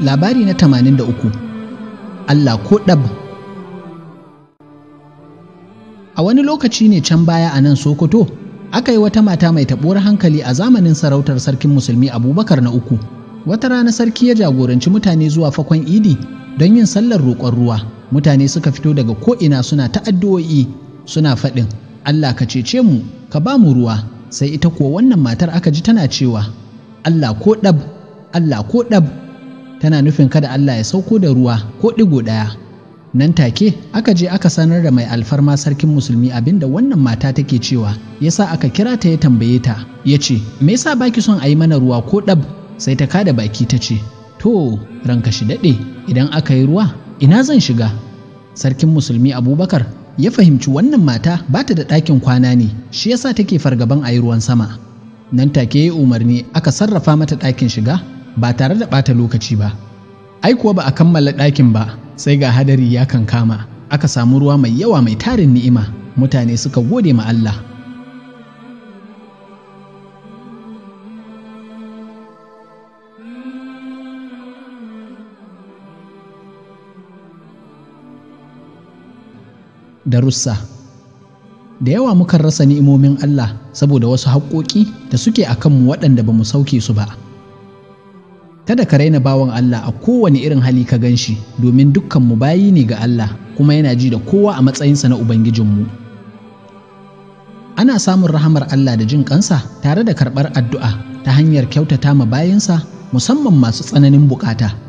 Labari na 83 Allah ko ɗab A wani lokaci ne can baya a nan Sokoto, aka yi wata mata mai taɓuwar hankali a zamanin sarautar sarkin musulmi Abubakar na uku. Wata rana sarki ya jagoranci mutane zuwa fakon idi don yin sallar roƙon ruwa. Mutane suka fito daga ko'ina suna ta addu'o'i suna faɗin Allah ka cece mu ka ba mu ruwa sai ita kuwa wannan matar aka ji tana cewa Allah ko ɗab Allah ko ɗab tana nufin kada Allah ya sauko da ruwa ko ɗigo ɗaya nan take aka je aka sanar da mai alfarma sarkin musulmi abinda wannan mata take cewa yasa aka kira ta ya tambaye ta ya ce me yasa baki son a yi mana ruwa ko ɗab sai ta kada baki ta ce to ranka shi daɗe idan aka yi ruwa ina zan shiga sarkin musulmi abubakar ya fahimci wannan mata ba ta da ɗakin kwana ne shi yasa take fargaban a yi ruwan sama nan take ya umarni aka sarrafa mata ɗakin shiga ba tare da ɓata lokaci ba ai kuwa ba a kammala ɗakin ba sai ga hadari ya kankama aka samu ruwa mai yawa mai tarin ni'ima mutane suka gode ma Allah darussa da yawa mukan rasa ni'imomin Allah saboda wasu haƙoƙi da suke a kanmu waɗanda ba mu sauke su ba kada ka raina bawan Allah a kowane irin hali ka gan shi domin dukkanmu bayi ne ga Allah kuma yana ji da kowa a matsayinsa na Ubangijinmu ana samun rahamar Allah da jin ƙansa tare da karɓar addu'a ta hanyar kyautata ma bayinsa musamman masu tsananin buƙata.